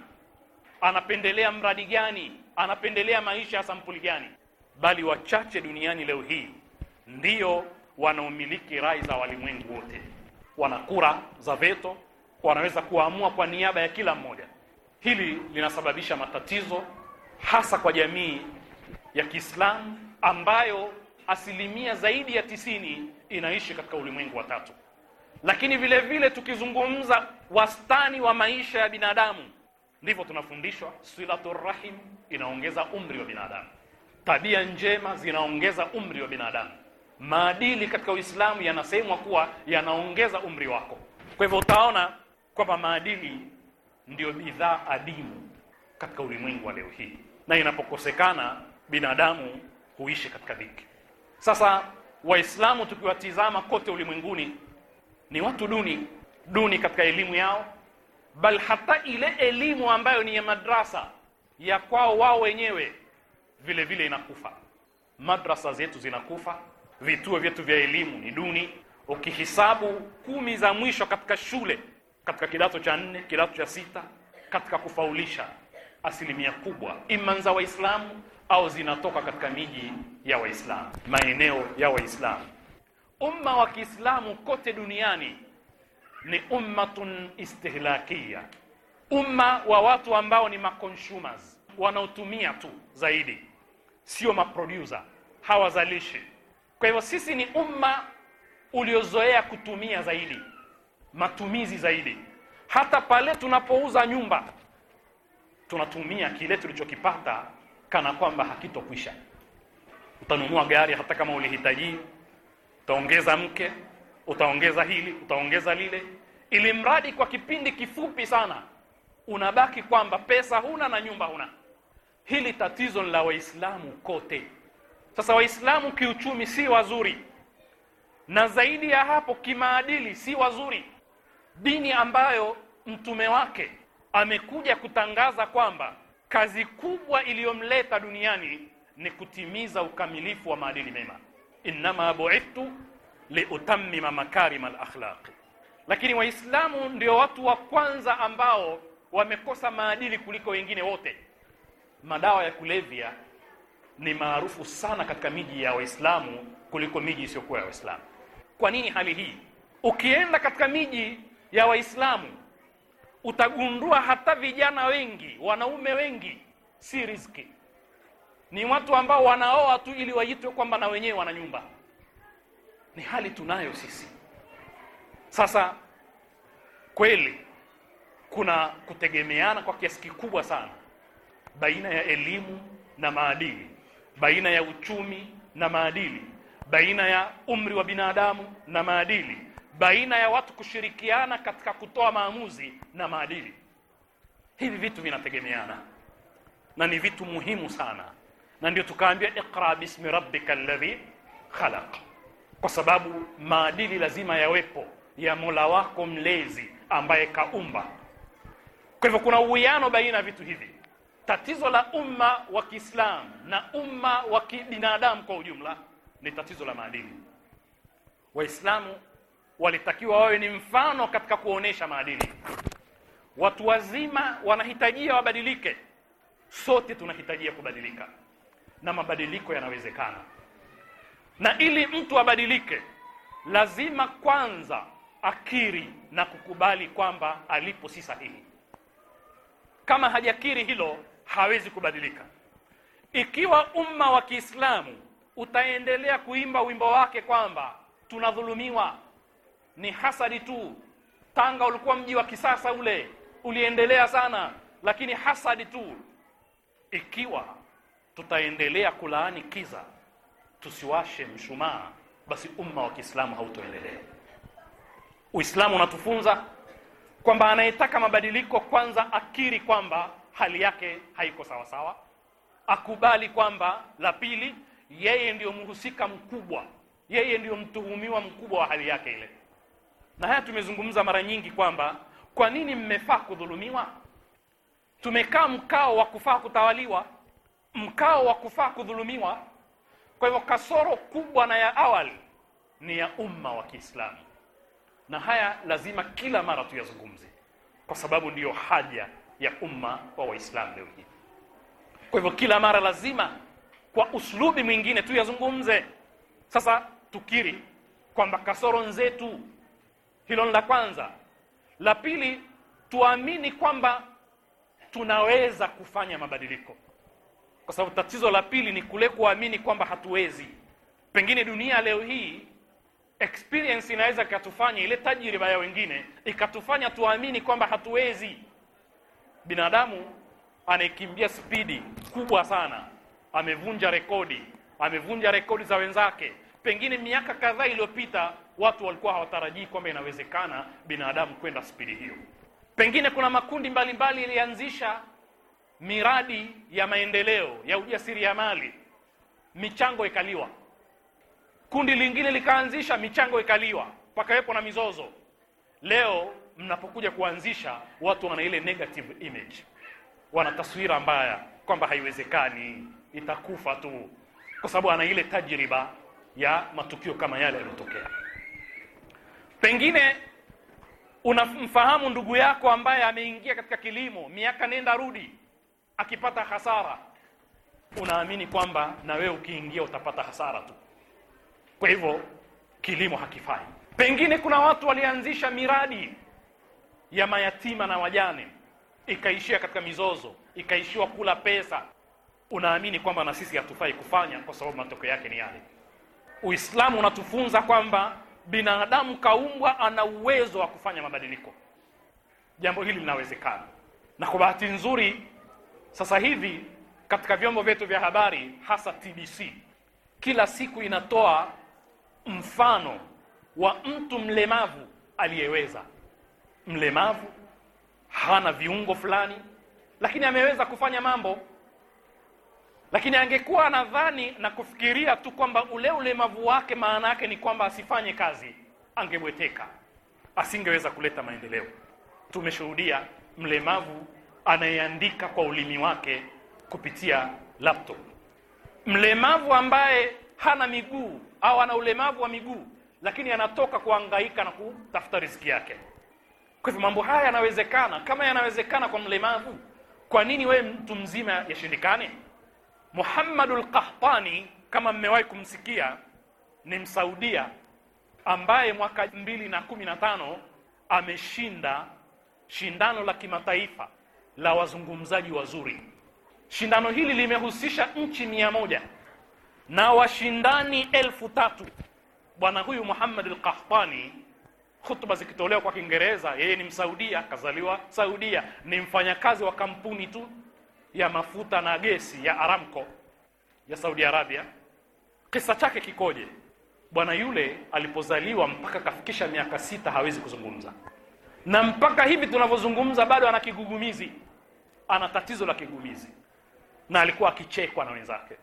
anapendelea mradi gani, anapendelea maisha ya sampuli gani, bali wachache duniani leo hii ndio wanaomiliki rai za walimwengu wote. Wana kura za veto, wanaweza kuamua kwa niaba ya kila mmoja. Hili linasababisha matatizo hasa kwa jamii ya Kiislamu ambayo asilimia zaidi ya tisini inaishi katika ulimwengu wa tatu. Lakini vile vile tukizungumza wastani wa maisha ya binadamu, ndivyo tunafundishwa silatu rahim inaongeza umri wa binadamu, tabia njema zinaongeza umri wa binadamu, maadili katika Uislamu yanasemwa kuwa yanaongeza umri wako. Kwa hivyo utaona kwamba maadili ndiyo bidhaa adimu katika ulimwengu wa leo hii, na inapokosekana binadamu huishi katika dhiki. Sasa Waislamu tukiwatizama kote ulimwenguni ni watu duni duni katika elimu yao, bal hata ile elimu ambayo ni ya madrasa ya kwao wao wenyewe vile vile inakufa. Madrasa zetu zinakufa, vituo vyetu vya elimu ni duni. Ukihisabu kumi za mwisho katika shule katika kidato cha nne kidato cha sita katika kufaulisha asilimia kubwa iman za waislamu au zinatoka katika miji ya waislamu maeneo ya waislamu umma wa kiislamu kote duniani ni ummatun istihlakia umma wa watu ambao ni maconsumers wanaotumia tu zaidi sio maproducer hawazalishi kwa hivyo sisi ni umma uliozoea kutumia zaidi matumizi zaidi. Hata pale tunapouza nyumba tunatumia kile tulichokipata kana kwamba hakitokwisha. Utanunua gari hata kama ulihitaji, utaongeza mke, utaongeza hili, utaongeza lile, ili mradi kwa kipindi kifupi sana unabaki kwamba pesa huna na nyumba huna. Hili tatizo la Waislamu kote. Sasa Waislamu kiuchumi si wazuri, na zaidi ya hapo kimaadili si wazuri dini ambayo mtume wake amekuja kutangaza kwamba kazi kubwa iliyomleta duniani ni kutimiza ukamilifu wa maadili mema innama bu'ithtu liutammima makarima akhlaq lakini waislamu ndio watu wa kwanza ambao wamekosa maadili kuliko wengine wote madawa ya kulevya ni maarufu sana katika miji ya waislamu kuliko miji isiyokuwa ya waislamu kwa nini hali hii ukienda katika miji ya Waislamu utagundua hata vijana wengi, wanaume wengi, si riziki, ni watu ambao wanaoa tu ili waitwe kwamba na wenyewe wana nyumba. Ni hali tunayo sisi sasa. Kweli kuna kutegemeana kwa kiasi kikubwa sana baina ya elimu na maadili, baina ya uchumi na maadili, baina ya umri wa binadamu na maadili baina ya watu kushirikiana katika kutoa maamuzi na maadili hivi vitu vinategemeana na ni vitu muhimu sana na ndio tukaambia iqra bismi rabbika alladhi khalaq kwa sababu maadili lazima yawepo ya Mola wako mlezi ambaye kaumba kwa hivyo kuna uwiano baina ya vitu hivi tatizo la umma wa Kiislamu na umma wa kibinadamu kwa ujumla ni tatizo la maadili waislamu walitakiwa wawe ni mfano katika kuonesha maadili watu wazima wanahitajia wabadilike sote tunahitajia kubadilika na mabadiliko yanawezekana na ili mtu abadilike lazima kwanza akiri na kukubali kwamba alipo si sahihi kama hajakiri hilo hawezi kubadilika ikiwa umma wa Kiislamu utaendelea kuimba wimbo wake kwamba tunadhulumiwa ni hasadi tu Tanga ulikuwa mji wa kisasa ule uliendelea sana lakini hasadi tu ikiwa tutaendelea kulaani kiza tusiwashe mshumaa basi umma wa Kiislamu hautoendelea Uislamu unatufunza kwamba anayetaka mabadiliko kwanza akiri kwamba hali yake haiko sawa sawa akubali kwamba la pili yeye ndiyo mhusika mkubwa yeye ndiyo mtuhumiwa mkubwa wa hali yake ile na haya tumezungumza mara nyingi kwamba kwa nini mmefaa kudhulumiwa tumekaa mkao wa kufaa kutawaliwa mkao wa kufaa kudhulumiwa kwa hivyo kasoro kubwa na ya awali ni ya umma wa Kiislamu na haya lazima kila mara tuyazungumze kwa sababu ndiyo haja ya umma wa Waislamu leo hii kwa hivyo kila mara lazima kwa uslubi mwingine tuyazungumze sasa tukiri kwamba kasoro nzetu hilo ni la kwanza. La pili, tuamini kwamba tunaweza kufanya mabadiliko, kwa sababu tatizo la pili ni kule kuamini kwamba hatuwezi. Pengine dunia leo hii experience inaweza ikatufanya, ile tajriba ya wengine ikatufanya tuamini kwamba hatuwezi. Binadamu anayekimbia spidi kubwa sana, amevunja rekodi, amevunja rekodi za wenzake pengine miaka kadhaa iliyopita watu walikuwa hawatarajii kwamba inawezekana binadamu kwenda spidi hiyo. Pengine kuna makundi mbalimbali yalianzisha miradi ya maendeleo ya ujasiriamali, michango ikaliwa. Kundi lingine likaanzisha michango ikaliwa, pakawepo na mizozo. Leo mnapokuja kuanzisha, watu wana ile negative image, wana taswira mbaya kwamba haiwezekani, itakufa tu, kwa sababu ana ile tajriba ya matukio kama yale yaliyotokea pengine unamfahamu ndugu yako ambaye ameingia katika kilimo miaka nenda rudi akipata hasara unaamini kwamba na wewe ukiingia utapata hasara tu kwa hivyo kilimo hakifai pengine kuna watu walianzisha miradi ya mayatima na wajane ikaishia katika mizozo ikaishiwa kula pesa unaamini kwamba na sisi hatufai kufanya kwa sababu matokeo yake ni yale uislamu unatufunza kwamba binadamu kaumbwa ana uwezo wa kufanya mabadiliko jambo hili linawezekana na kwa bahati nzuri sasa hivi katika vyombo vyetu vya habari hasa TBC kila siku inatoa mfano wa mtu mlemavu aliyeweza mlemavu hana viungo fulani lakini ameweza kufanya mambo lakini angekuwa anadhani na kufikiria tu kwamba ule ulemavu wake maana yake ni kwamba asifanye kazi angebweteka asingeweza kuleta maendeleo tumeshuhudia mlemavu anayeandika kwa ulimi wake kupitia laptop mlemavu ambaye hana miguu au ana ulemavu wa miguu lakini anatoka kuangaika na kutafuta riziki yake kwa hivyo mambo haya yanawezekana kama yanawezekana kwa mlemavu kwa nini wewe mtu mzima yashindikane Muhammadul Qahtani kama mmewahi kumsikia ni Msaudia ambaye mwaka 2015 ameshinda shindano la kimataifa la wazungumzaji wazuri. Shindano hili limehusisha nchi mia moja na washindani elfu tatu. Bwana huyu Muhammad al-Qahtani, hutuba zikitolewa kwa Kiingereza, yeye ni Msaudia, kazaliwa Saudia, ni mfanyakazi wa kampuni tu ya mafuta na gesi ya Aramco ya Saudi Arabia kisa chake kikoje bwana yule alipozaliwa mpaka kafikisha miaka sita hawezi kuzungumza na mpaka hivi tunavyozungumza bado ana kigugumizi ana tatizo la kigugumizi na alikuwa akichekwa na wenzake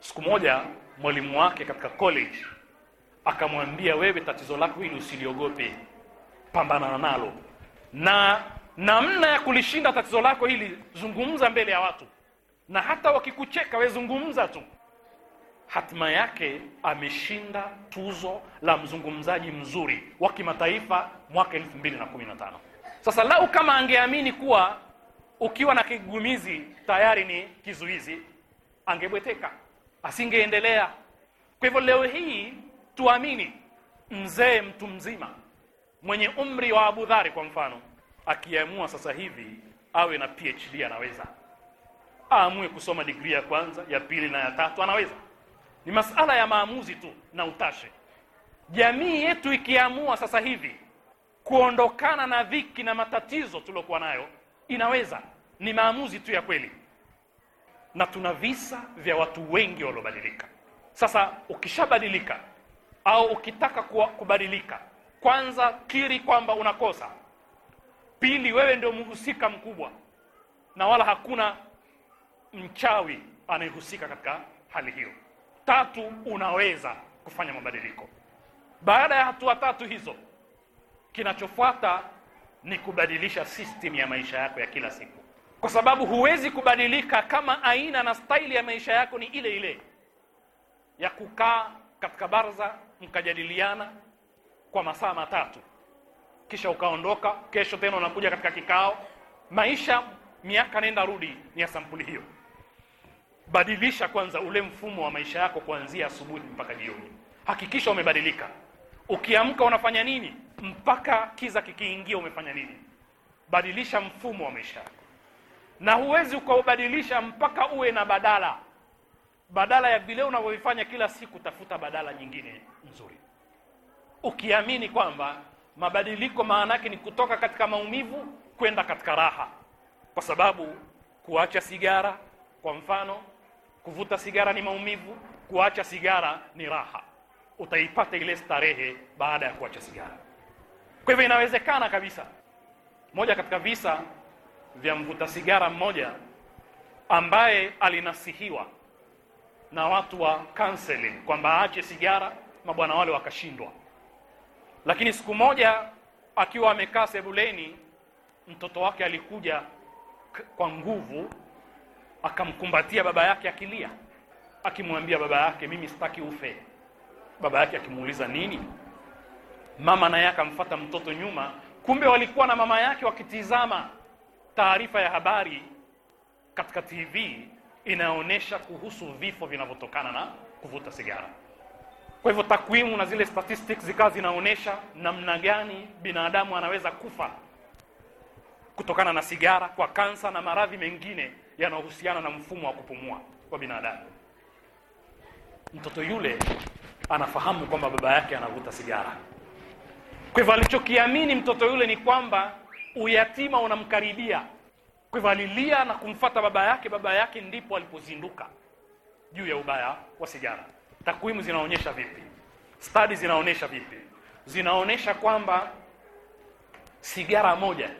siku moja mwalimu wake katika college akamwambia wewe tatizo lako hili usiliogope pambana nalo na namna ya kulishinda tatizo lako hili, zungumza mbele ya watu, na hata wakikucheka we zungumza tu. Hatima yake ameshinda tuzo la mzungumzaji mzuri wa kimataifa mwaka elfu mbili na kumi na tano. Sasa lau kama angeamini kuwa ukiwa na kigumizi tayari ni kizuizi, angebweteka, asingeendelea. Kwa hivyo leo hii tuamini, mzee mtu mzima mwenye umri wa Abu Dhari kwa mfano akiamua sasa hivi awe na PhD anaweza aamue kusoma digrii ya kwanza ya pili na ya tatu anaweza ni masala ya maamuzi tu na utashe jamii yetu ikiamua sasa hivi kuondokana na dhiki na matatizo tuliokuwa nayo inaweza ni maamuzi tu ya kweli na tuna visa vya watu wengi waliobadilika sasa ukishabadilika au ukitaka kubadilika kwanza kiri kwamba unakosa Pili, wewe ndio mhusika mkubwa na wala hakuna mchawi anayehusika katika hali hiyo. Tatu, unaweza kufanya mabadiliko. Baada ya hatua tatu hizo, kinachofuata ni kubadilisha system ya maisha yako ya kila siku, kwa sababu huwezi kubadilika kama aina na staili ya maisha yako ni ile ile ya kukaa katika baraza mkajadiliana kwa masaa matatu kisha ukaondoka, kesho tena unakuja katika kikao. Maisha miaka nenda rudi ni ya sampuli hiyo. Badilisha kwanza ule mfumo wa maisha yako kuanzia asubuhi mpaka jioni, hakikisha umebadilika. Ukiamka unafanya nini mpaka kiza kikiingia, umefanya nini? Badilisha mfumo wa maisha yako, na huwezi ukaubadilisha mpaka uwe na badala. Badala ya vile unavyovifanya kila siku, tafuta badala nyingine nzuri, ukiamini kwamba Mabadiliko maana yake ni kutoka katika maumivu kwenda katika raha, kwa sababu kuacha sigara kwa mfano, kuvuta sigara ni maumivu, kuacha sigara ni raha. Utaipata ile starehe baada ya kuacha sigara. Kwa hivyo inawezekana kabisa. Moja katika visa vya mvuta sigara mmoja ambaye alinasihiwa na watu wa counseling kwamba aache sigara, mabwana wale wakashindwa lakini siku moja akiwa amekaa sebuleni mtoto wake alikuja kwa nguvu akamkumbatia baba yake akilia akimwambia baba yake mimi sitaki ufe baba yake akimuuliza nini mama naye akamfata mtoto nyuma kumbe walikuwa na mama yake wakitizama taarifa ya habari katika TV inaonyesha kuhusu vifo vinavyotokana na kuvuta sigara kwa hivyo takwimu na zile statistics zikawa zinaonyesha namna gani binadamu anaweza kufa kutokana na sigara, kwa kansa na maradhi mengine yanayohusiana na mfumo wa kupumua wa binadamu. Mtoto yule anafahamu kwamba baba yake anavuta sigara. Kwa hivyo alichokiamini mtoto yule ni kwamba uyatima unamkaribia. Kwa hivyo alilia na kumfata baba yake, baba yake ndipo alipozinduka juu ya ubaya wa sigara. Takwimu zinaonyesha vipi? Study zinaonyesha vipi? Zinaonyesha kwamba sigara moja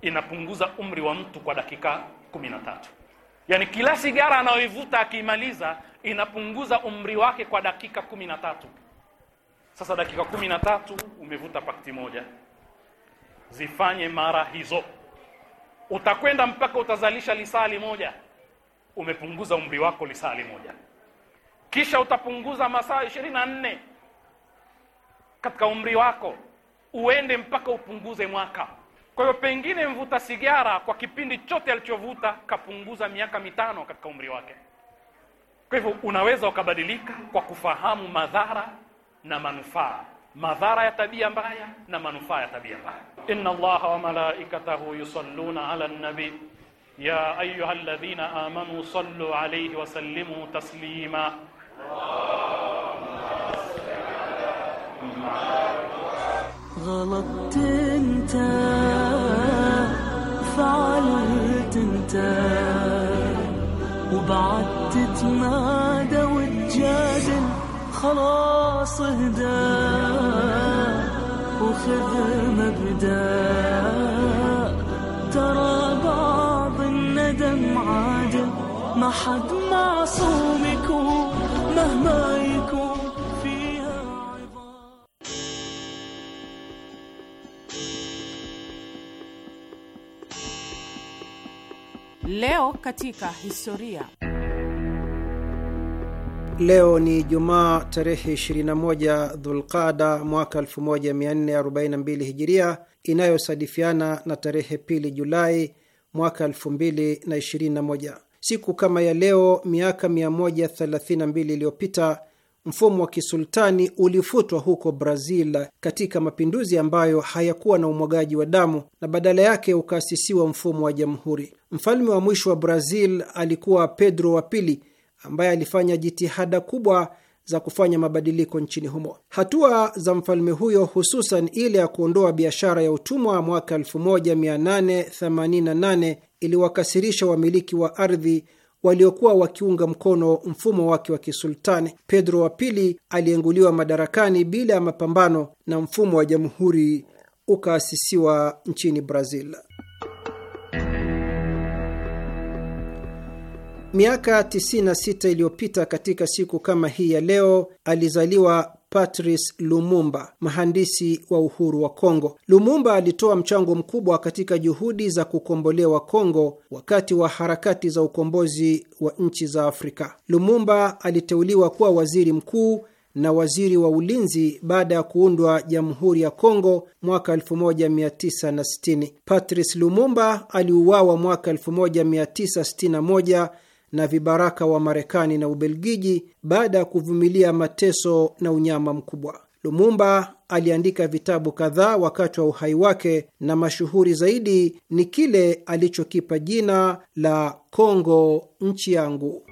inapunguza umri wa mtu kwa dakika 13. Yaani kila sigara anayoivuta akimaliza inapunguza umri wake kwa dakika 13. Sasa dakika 13 umevuta pakti moja. Zifanye mara hizo. Utakwenda mpaka utazalisha lisali moja. Umepunguza umri wako lisali moja kisha utapunguza masaa ishirini na nne katika umri wako uende mpaka upunguze mwaka kwa hiyo pengine mvuta sigara kwa kipindi chote alichovuta kapunguza miaka mitano katika umri wake kwa hivyo unaweza ukabadilika kwa kufahamu madhara na manufaa madhara ya tabia mbaya na manufaa ya tabia mbaya inna allaha wa malaikatahu yusalluna ala nabi ya ayuha alladhina amanu sallu alayhi wa sallimu taslima غلطت انت فعلت انت وبعدت تمادى وتجادل خلاص اهدى وخذ مبدا ترى بعض الندم عادل ما حد معصوم يكون Leo katika historia. Leo ni Jumaa tarehe 21 Dhulqada mwaka 1442 Hijiria, inayosadifiana na tarehe pili Julai mwaka 2021. Siku kama ya leo miaka 132 iliyopita mfumo wa kisultani ulifutwa huko Brazil katika mapinduzi ambayo hayakuwa na umwagaji wa damu na badala yake ukaasisiwa mfumo wa jamhuri. Mfalme wa mwisho wa Brazil alikuwa Pedro wa Pili, ambaye alifanya jitihada kubwa za kufanya mabadiliko nchini humo. Hatua za mfalme huyo, hususan ile ya kuondoa biashara ya utumwa mwaka 1888 iliwakasirisha wamiliki wa ardhi waliokuwa wakiunga mkono mfumo wake wa kisultani. Pedro wa pili alienguliwa madarakani bila ya mapambano na mfumo wa jamhuri ukaasisiwa nchini Brazil. Miaka 96 iliyopita katika siku kama hii ya leo alizaliwa Patrice Lumumba, mhandisi wa uhuru wa Kongo. Lumumba alitoa mchango mkubwa katika juhudi za kukombolewa Kongo wakati wa harakati za ukombozi wa nchi za Afrika. Lumumba aliteuliwa kuwa waziri mkuu na waziri wa ulinzi baada ya kuundwa Jamhuri ya Kongo mwaka 1960. Patrice Lumumba aliuawa mwaka 1961 na vibaraka wa Marekani na Ubelgiji baada ya kuvumilia mateso na unyama mkubwa. Lumumba aliandika vitabu kadhaa wakati wa uhai wake na mashuhuri zaidi ni kile alichokipa jina la Kongo nchi yangu.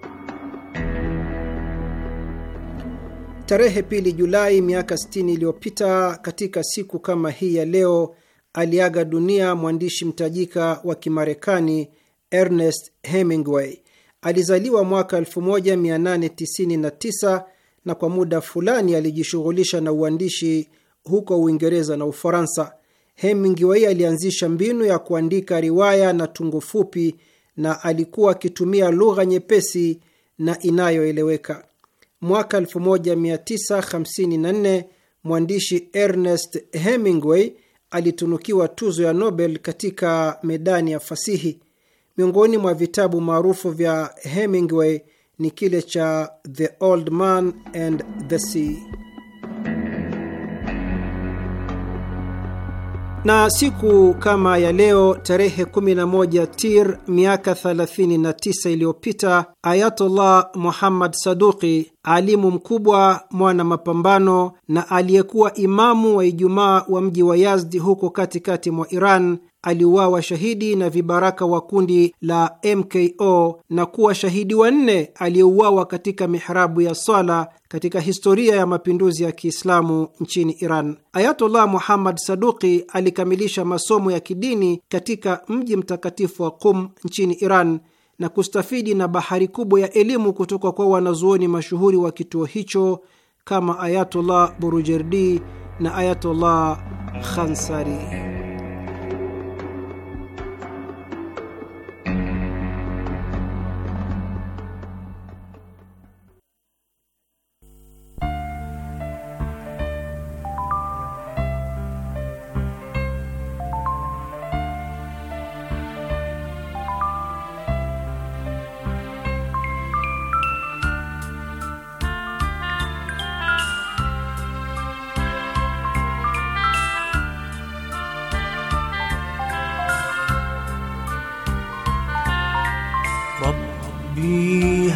Tarehe pili Julai miaka 60 iliyopita katika siku kama hii ya leo aliaga dunia mwandishi mtajika wa Kimarekani Ernest Hemingway Alizaliwa mwaka 1899 na kwa muda fulani alijishughulisha na uandishi huko Uingereza na Ufaransa. Hemingway alianzisha mbinu ya kuandika riwaya na tungo fupi na alikuwa akitumia lugha nyepesi na inayoeleweka. Mwaka 1954 mwandishi Ernest Hemingway alitunukiwa tuzo ya Nobel katika medani ya fasihi. Miongoni mwa vitabu maarufu vya Hemingway ni kile cha The Old Man and the Sea. Na siku kama ya leo tarehe 11 Tir miaka 39 iliyopita, Ayatollah Muhammad Saduqi, alimu mkubwa, mwana mapambano na aliyekuwa imamu wa Ijumaa wa mji wa Yazdi huko katikati mwa Iran aliuawa shahidi na vibaraka wa kundi la MKO na kuwa shahidi wa nne aliyeuawa katika mihrabu ya swala katika historia ya mapinduzi ya Kiislamu nchini Iran. ayatollah Muhammad Saduki alikamilisha masomo ya kidini katika mji mtakatifu wa Qum nchini Iran na kustafidi na bahari kubwa ya elimu kutoka kwa wanazuoni mashuhuri wa kituo hicho kama Ayatullah Burujerdi na Ayatullah Khansari.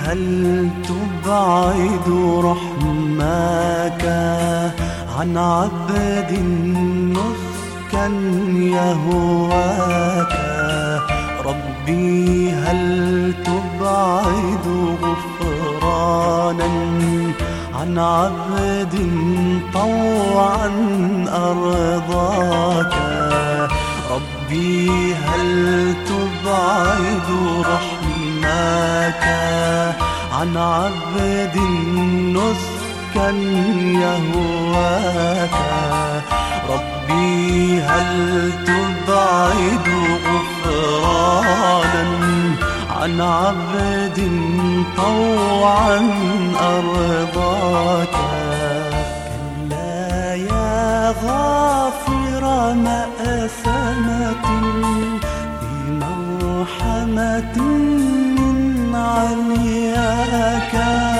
هل تبعد رحمك عن عبد نسكا يهواك ربي هل تبعد غفرانا عن عبد طوعا أرضاك ربي هل تبعد رحمك نهاك عن عبد نسكا يهواك ربي هل تبعد غفرانا عن عبد طوعا أرضاك كلا يا غافر مأساك عليك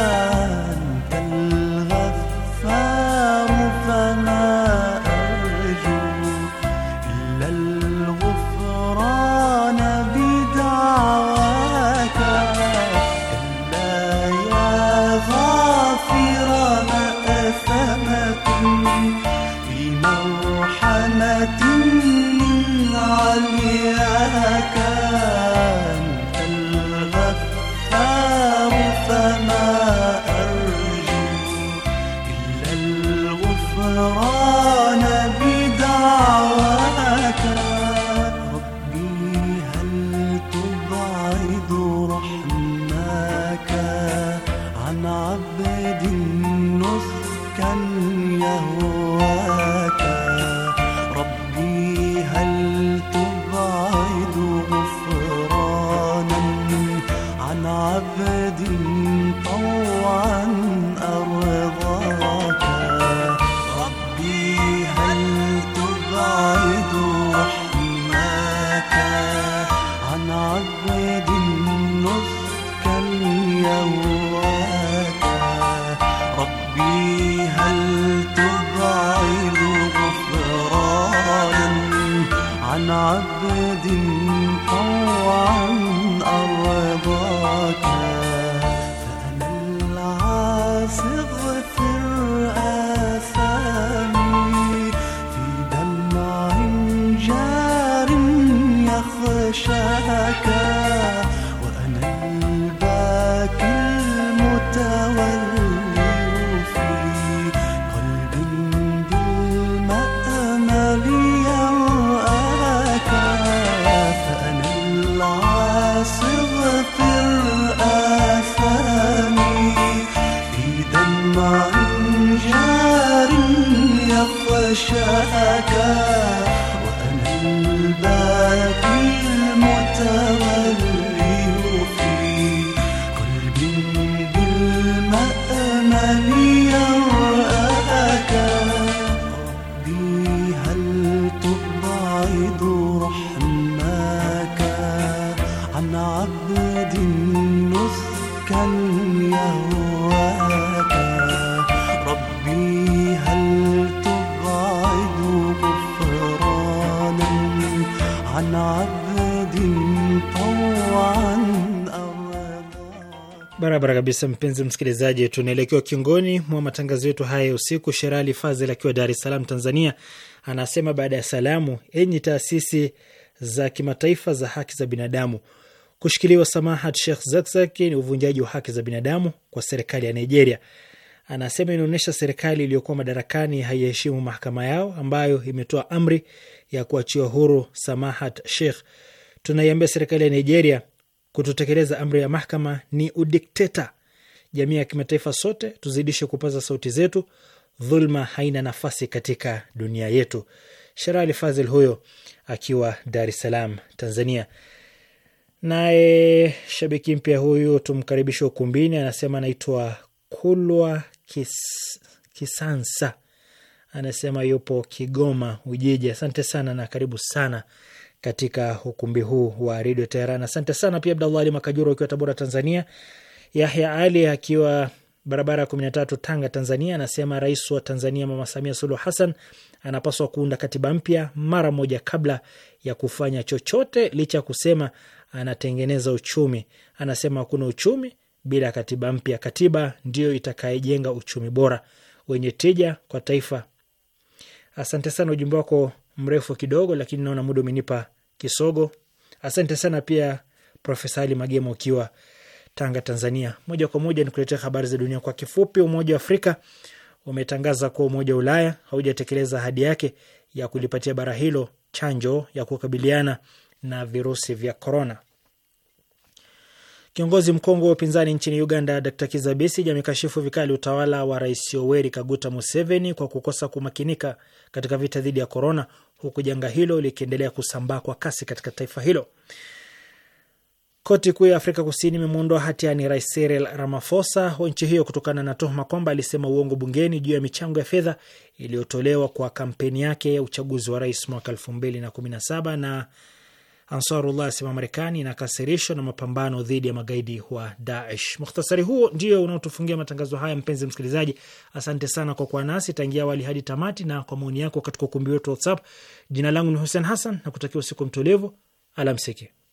Barabara kabisa, mpenzi msikilizaji, tunaelekea kingoni mwa matangazo yetu haya usiku. Sherali Fazel akiwa Dar es Salaam, Tanzania, anasema baada ya salamu, enyi taasisi za kimataifa za haki za binadamu, kushikiliwa Samahat Sheikh Zakzaki ni uvunjaji wa haki za binadamu kwa serikali ya Nigeria. Anasema inaonyesha serikali iliyokuwa madarakani haiheshimu mahakama yao ambayo imetoa amri ya kuachiwa huru Samahat Sheikh. Tunaiambia serikali ya Nigeria kutotekeleza amri ya mahakama ni udikteta. Jamii ya kimataifa, sote tuzidishe kupaza sauti zetu. Dhulma haina nafasi katika dunia yetu. Sherali Fazil huyo akiwa Dar es Salaam, Tanzania. Naye shabiki mpya huyu tumkaribishe ukumbini, anasema anaitwa Kulwa Kis, Kisansa, anasema yupo Kigoma Ujiji. Asante sana na karibu sana katika ukumbi huu wa redio Teheran. Asante sana pia Abdallah Ali Makajuro akiwa Tabora, Tanzania. Yahya Ali akiwa barabara ya kumi na tatu Tanga, Tanzania, anasema rais wa Tanzania Mama Samia Suluhu Hassan anapaswa kuunda katiba mpya mara moja kabla ya kufanya chochote, licha ya kusema anatengeneza uchumi. Anasema hakuna uchumi bila katiba mpya. Katiba ndiyo itakayejenga uchumi bora wenye tija kwa taifa. Asante sana, ujumbe wako mrefu kidogo, lakini naona muda umenipa Kisogo. Asante sana pia Profesa Ali Magema ukiwa Tanga, Tanzania. Moja kwa moja nikuletea habari za dunia kwa kifupi. Umoja wa Afrika umetangaza kuwa Umoja wa Ulaya haujatekeleza ahadi yake ya kulipatia bara hilo chanjo ya kukabiliana na virusi vya korona. Kiongozi mkongwe wa upinzani nchini Uganda, Dkt Kizza Besigye amekashifu vikali utawala wa Rais Yoweri Kaguta Museveni kwa kukosa kumakinika katika vita dhidi ya korona, huku janga hilo likiendelea kusambaa kwa kasi katika taifa hilo. Koti kuu ya Afrika Kusini imemuondoa hatiani Rais Cyril Ramaphosa wa nchi hiyo kutokana na tuhuma kwamba alisema uongo bungeni juu ya michango ya fedha iliyotolewa kwa kampeni yake ya uchaguzi wa rais mwaka 2017 na Ansarullah asema Marekani inakasirishwa na mapambano dhidi ya magaidi wa Daesh. Mukhtasari huo ndio unaotufungia matangazo haya. Mpenzi msikilizaji, asante sana kwa kuwa nasi tangia awali hadi tamati na kwa maoni yako katika ukumbi wetu WhatsApp. Jina langu ni Hussein Hassan na kutakia usiku mtulivu. Alamsiki.